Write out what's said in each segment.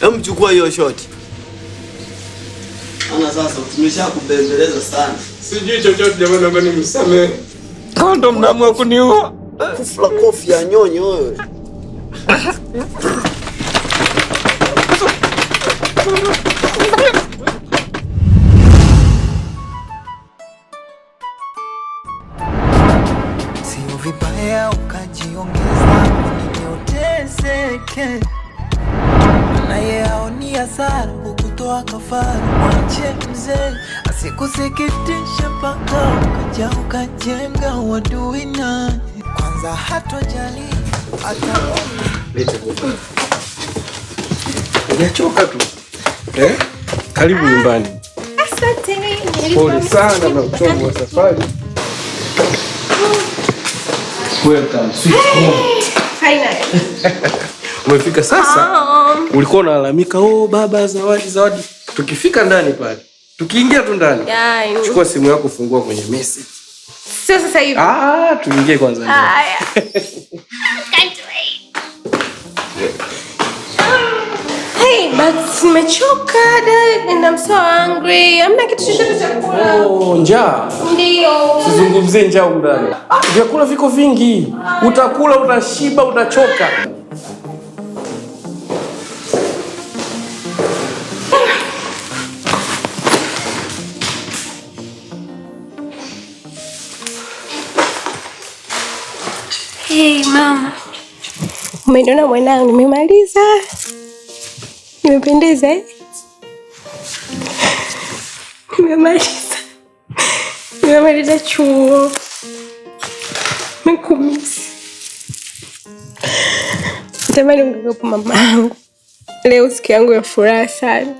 Hebu chukua hiyo shoti. Ana sasa tumesha kubembeleza sana. Sijui chochote jamani, naomba nimsamehe. Kama ndo mnaamua kuniua. Kufla kofi ya nyonyo wewe. Sio vibaya ukajiongeza kunitotezeke na yeye aoni hasara hukutoa kafara. Mwache mzee asikusikitishe mpaka ukaja ukajenga uadui naye, kwanza hatojali Umechoka tu eh? Karibu ah, nyumbani. Asante. Pole sana na uchovu wa safari. Welcome. Sweet home. Finally. Umefika sasa. Ulikuwa unalalamika, oh baba, zawadi zawadi. Tukifika ndani pale, tukiingia tu ndani, chukua simu yako, fungua kwenye mesi Sio sasa hivi. Ah, tuingie kwanza. Ah, haya. Hey, but nimechoka dad and I'm so hungry. kitu chochote cha kula. Oh, njaa. Ndio. Sizungumzie njaa ndani. Ah, vyakula viko vingi. Ah. Utakula, utashiba, utachoka. Hey, mama. Umeniona mwanangu, nimemaliza. Nimependeza eh? Nimemaliza. Nimemaliza chuo. Nimekumisi. Natamani ungekuwepo mamangu. Leo siku yangu ya furaha sana.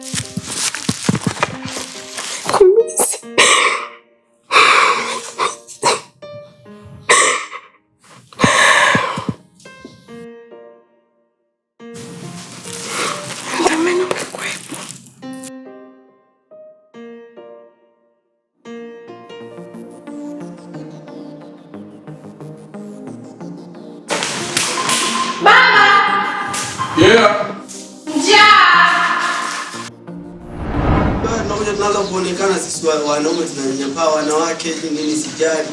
Yeah. Tunakuja tunaanza kuonekana sisi wanaume wanawake nini sijali.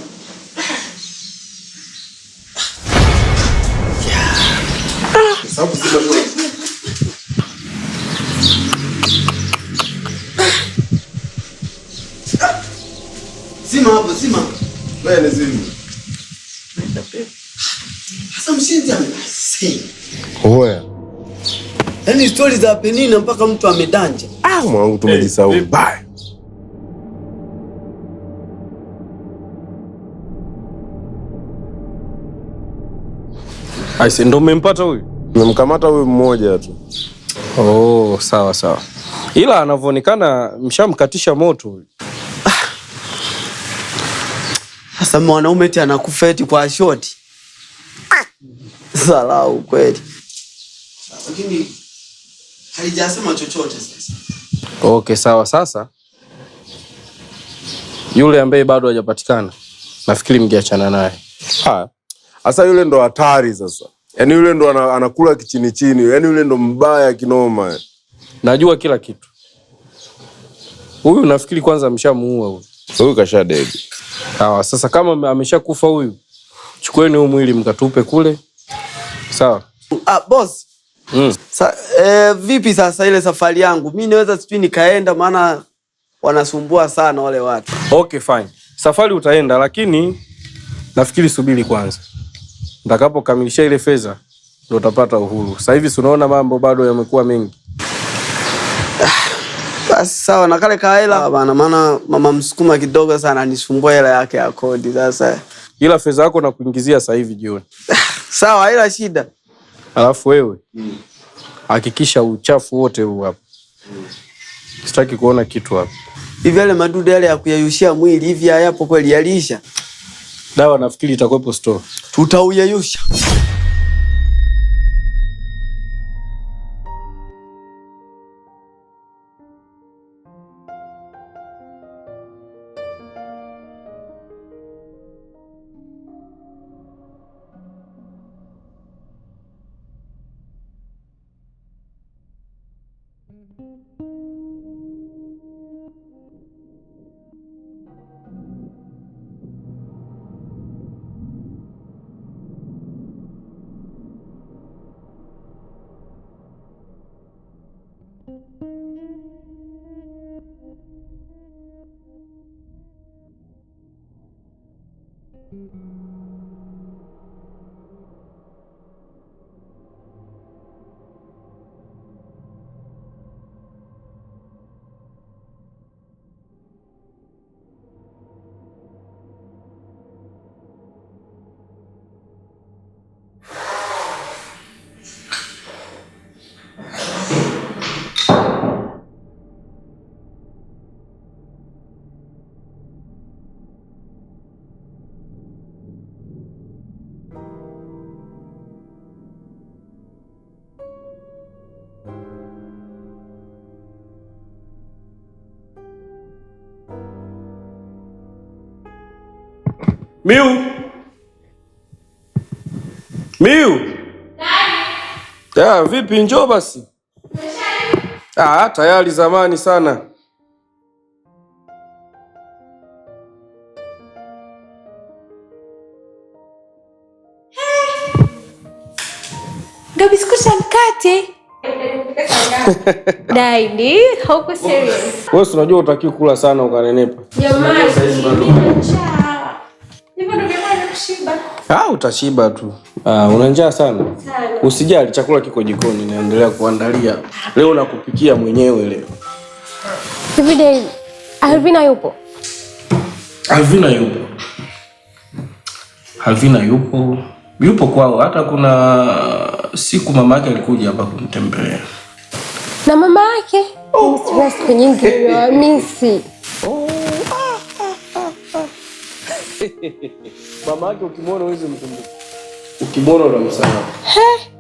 Sima hapo sima. Wewe ni Sasa Oya stori za Penina mpaka mtu amedanja. Ah, mwanangu tumejisahau vibaya. Aise, ndo mmempata huyu? Mmemkamata huyu mmoja tu. Oh, sawa sawa, ila anavyoonekana mshamkatisha moto huyu. Sasa mwanaume eti anakufa eti kwa shoti. Ah! Salau kweli. Lakini haijasema chochote sasa. Okay, sawa. Sasa yule ambaye bado hajapatikana, nafikiri mngeachana naye. Ah, sasa yule ndo hatari sasa, yaani yule ndo anakula kichini chini, yaani yule ndo mbaya kinoma. Najua kila kitu. Huyu nafikiri kwanza ameshamuua huyu. Huyu kasha dead. Sawa, sasa kama ameshakufa huyu, chukueni huu mwili mkatupe kule, sawa? Uh, boss Mm. Sa, e, vipi sasa ile safari yangu mi niweza sijui nikaenda, maana wanasumbua sana wale watu. Okay, fine. Safari utaenda, lakini nafikiri subiri kwanza, nitakapokamilisha ile fedha ndo utapata uhuru. Sasa hivi tunaona mambo bado yamekuwa mengi. Basi sawa, na kale kaela bana, maana mama msukuma kidogo sana anisumbua hela yake ya kodi. Sasa ila fedha yako nakuingizia sasa hivi jioni. Sawa, haina shida alafu wewe mm. hakikisha uchafu wote huu hapa. Mm. Sitaki kuona kitu hapa. Hivi yale madudu yale ya kuyayushia mwili hivi hayapo kweli yaliisha? Dawa nafikiri itakuwepo store. Tutauyayusha. Miu. Miu. Nani? Ah, vipi njoo basi. Ah, tayari zamani sana. Hey. Ndio biskuti mkate. Daini, hauko serious. Wewe unajua utaki kula sana ukanenepa. Jamani, Shiba. Ah, utashiba tu. Ah, una njaa sana? Sana. Usijali, chakula kiko jikoni, naendelea kuandalia. Leo nakupikia mwenyewe leo. Hivi Dei, Alvina yupo? Alvina yupo. Alvina yupo. Yupo kwao, hata kuna siku mama yake alikuja hapa kumtembelea. Na mama yake? Oh, oh. oh, oh, oh, Oh. Mama yake ukimwona uweze mkumbuka. Ukimwona unamsahau.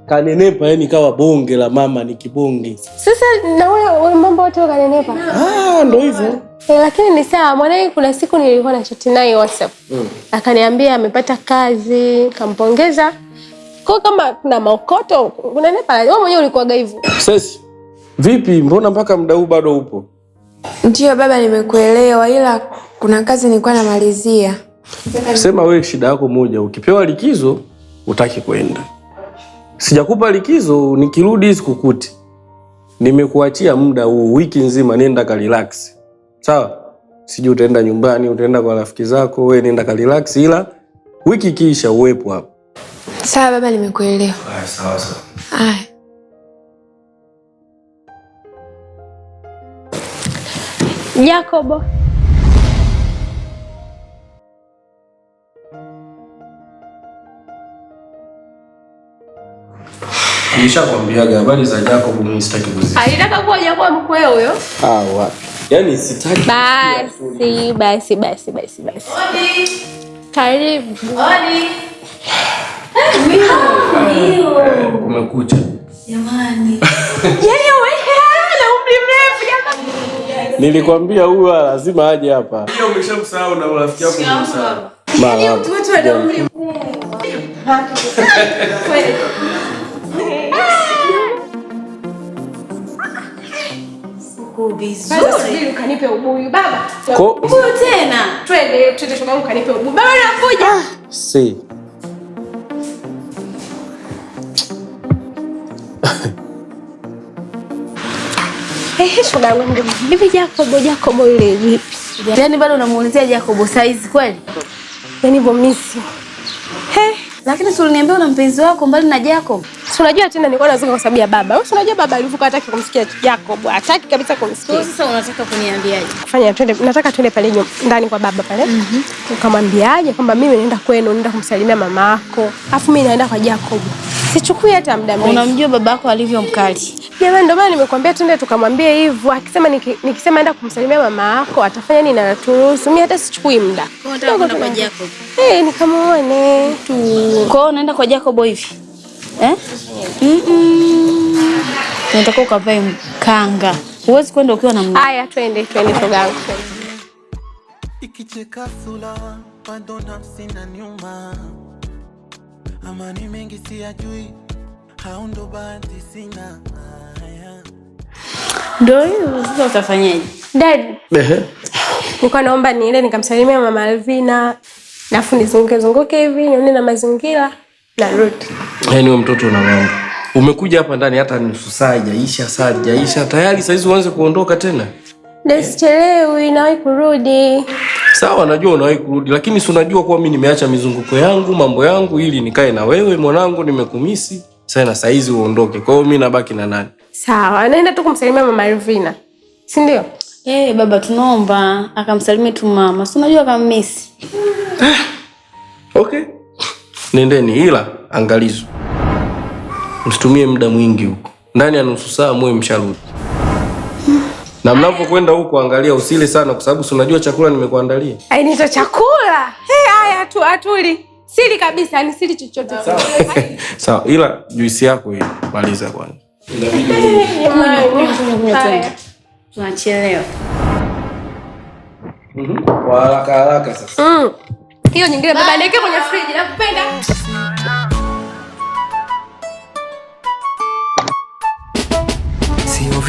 Kanenepa yani kawa bonge la mama ni kibonge. Sasa na wewe mambo yote kanenepa. Ah, hivyo. Eh, lakini ni sawa mwanae, kuna siku nilikuwa na chat naye WhatsApp. Mm. Akaniambia amepata kazi, kampongeza. Kwa kama kuna maokoto, kuna nepa. Wewe mwenyewe ulikuwa gaivu. Sasa vipi, mbona mpaka muda huu bado upo? Ndiyo baba, nimekuelewa ila kuna kazi nilikuwa namalizia. Sema wewe shida yako moja, ukipewa likizo utaki kwenda. Sijakupa likizo, nikirudi sikukuti. Nimekuachia muda huu wiki nzima, nenda ka relax. Sawa? Sijui utaenda nyumbani, utaenda kwa rafiki zako, wewe nenda ka relax, ila wiki kisha uwepo hapo. Sawa baba, nimekuelewa. sawa sawa. Jacobo Kisha kwambiaga habari za Jacob mimi sitaki kuzisikia. Alitaka kuwa Jacob mkwe huyo. Ah, wapi. Yaani sitaki. Basi, basi, basi, basi, basi. Odi. Karibu. Odi. Umekucha. Jamani. Yaani wewe umri mrefu Nilikwambia huyu lazima aje hapa. Hiyo umeshamsahau na rafiki yako Mara. umri yaani mrefu. Vizuri, ah, Si. Eh, shogangu Jacobo, Jacobo yule vipi? Yaani bado unamuulizia Jacobo size kweli? Yaani bomisi. He, lakini si uliniambia una mpenzi wako mbali na Jacobo? unajua tena nilikuwa nazunguka kwa sababu ya baba. Wewe unajua baba alivuka hataki kumsikia Jacob, hataki kabisa kumsikia. Kwa sasa unataka kuniambiaje? Fanya twende, nataka twende pale nyo, ndani kwa baba pale. Mhm. Mm Ukamwambiaje kwamba mimi naenda kwenu, naenda kumsalimia mama yako. Alafu mimi naenda kwa Jacob. Sichukui hata muda mrefu. Unamjua baba yako alivyo mkali. Jamani, ndio maana nimekuambia twende tukamwambie hivyo. Akisema nikisema naenda kumsalimia mama yako, atafanya nini na turuhusu? Mimi hata sichukui muda. Kwa nini unataka kwa Jacob? Eh, hey, nikamuone tu. Kwa hiyo unaenda kwa Jacob hivi? eh? mm -mm. Nataka ukavae mkanga, huwezi kwenda ukiwa na mkanga. Haya, twende twende shogangu ikicheka sula bado nafsi na nyuma, amani mengi siyajui, hao ndo bahati sina. Ndio hiyo sasa, utafanyaje dad? Ehe, nilikuwa naomba niende nikamsalimia mama Alvina, nafu nizunguke zunguke hivi nione na mazingira, narudi. Yaani wewe mtoto una mambo. Umekuja hapa ndani hata nusu saa haijaisha, saa haijaisha tayari saizi uanze kuondoka tena. Nisichelewi, nawahi kurudi. Sawa, najua unawahi kurudi, lakini si unajua kuwa mimi nimeacha mizunguko yangu mambo yangu ili nikae na wewe mwanangu, nimekumisi Sasa na sana. hizi uondoke, kwa hiyo mimi nabaki na nani? Sawa, naenda tu kumsalimia mama Rufina. si ndio? Eh, hey, baba tunaomba akamsalimie tu mama, si unajua kama miss. Eh, okay, nendeni ila angalizo, msitumie muda mwingi huko, ndani ya nusu saa muwe msharudi. Na mnapokwenda huko angalia usile sana, kwa sababu si unajua chakula nimekuandalia. Ai, ni chakula haya tu atuli sili kabisa, ni sili chochote sawa. Ila juisi yako hii maliza kwanza, tunachelewa mhm. kwa haraka haraka sasa. Mm. Hiyo nyingine baba, niweke kwenye friji, nakupenda.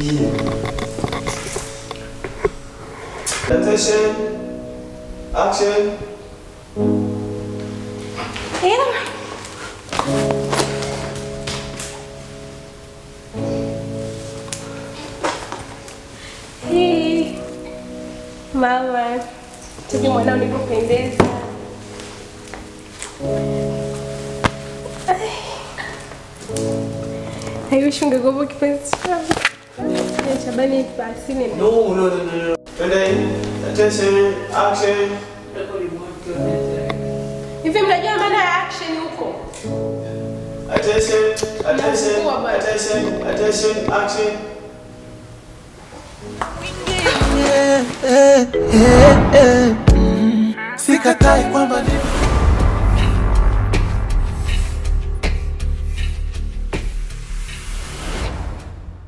Bia. Attention. Action. Era. Hey, mama, tive mwana unipopendeza. Ai, eu xingo, eu vou que pensar. Shabani Fasine. No, no, no, no. And attention, action. Hivi mnajua maana ya action huko? Attention, attention, attention, attention, action. Eh, eh, eh, Sikatai kwamba ni